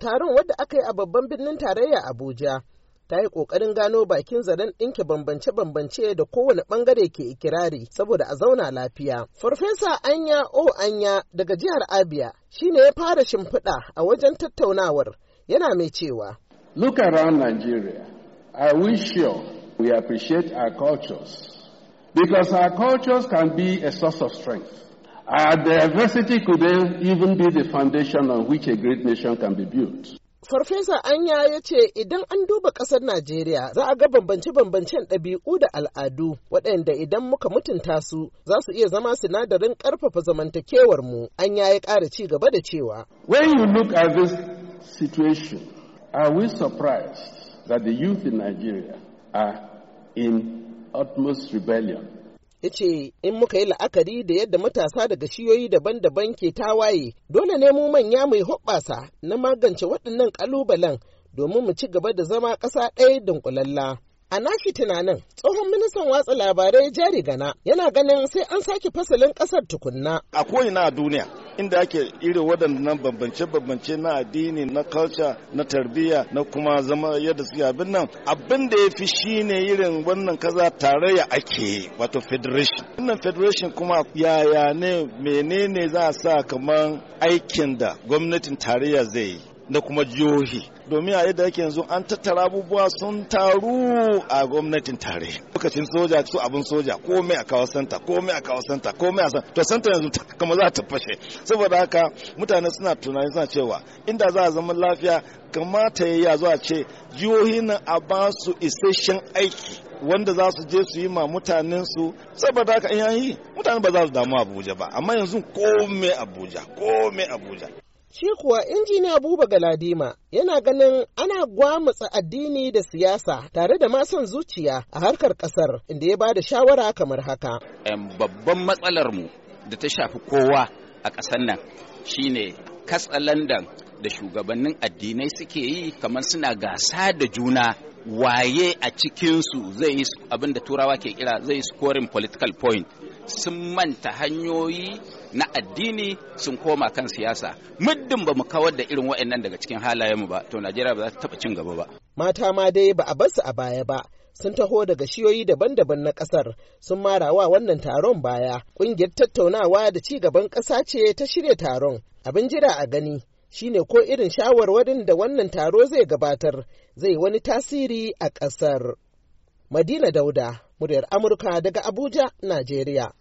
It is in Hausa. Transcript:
taron wadda aka yi a babban birnin tarayya abuja ta yi ƙoƙarin gano bakin zaren ɗinke bambance-bambance da kowane ɓangare ke ikirari saboda a zauna lafiya. Farfesa Anya O Anya daga jihar Abia shine ya fara shimfiɗa a wajen tattaunawar yana mai cewa. Look around Nigeria. I wish you we appreciate our cultures because our cultures can be a source of strength. The diversity could even be the foundation on which a great nation can be built. Farfesa Anya ya ce idan an duba ƙasar Najeriya za a ga bambance-bambancen ɗabi'u da al'adu waɗanda idan muka mutunta su za su iya zama sinadarin ƙarfafa zamantakewar mu. Anya ya ƙara ci gaba da cewa. When you look at this situation, are we surprised that the youth in Nigeria are in utmost rebellion? ya ce in muka yi la'akari da yadda matasa daga shiyoyi daban-daban ke tawaye dole ne mu manya mai hoɓɓasa na magance waɗannan ƙalubalen domin mu ci gaba da zama ƙasa ɗaya dunƙulalla. A nashi tunanin tsohon ministan watsa labarai jari gana yana ganin sai an sake fasalin ƙasar tukunna. A ko'ina a duniya inda ake irin waɗannan bambance-bambance na addini na culture na tarbiyya na kuma zama yadda suke abin nan abin da ya fi shi ne irin wannan kaza tarayya ake wato federation wannan federation kuma yaya ne menene za a sa kamar aikin da gwamnatin tarayya zai yi da kuma jihohi domin a yadda yake yanzu an tattara abubuwa sun taru a gwamnatin tare lokacin soja su abin soja komai a kawo santa komai a kawo santa komai a san to santa yanzu kama za ta fashe saboda haka mutane suna tunani suna cewa inda za a zama lafiya kamata ya yi zuwa ce jihohi nan a ba su isasshen aiki wanda za su je su yi ma mutanen su saboda haka in yi mutane ba za su damu Abuja ba amma yanzu komai Abuja komai Abuja Shi kuwa injiniya Buba Galadima yana ganin ana gwamutsa addini da siyasa tare da masan zuciya a harkar kasar inda ya ba da shawara kamar haka. Babban matsalarmu da ta shafi kowa a ƙasar nan shine katsalandan da shugabannin addinai suke yi kamar suna gasa da juna waye a cikinsu zai yi abin da turawa ke kira zai scoring political point sun manta hanyoyi na addini sun koma kan siyasa muddin ba mu kawar da irin waɗannan daga cikin halayenmu ba to najeriya ba za ta taɓa cin gaba ba mata ma dai ba a bar su a baya ba sun taho daga shiyoyi daban-daban na ƙasar sun wa wannan taron baya ƙungiyar tattaunawa da ci gaban ƙasa ce ta shirya taron abin jira a gani shine ko irin shawarwarin da wannan taro zai gabatar zai wani tasiri a ƙasar madina dauda muryar amurka daga abuja najeriya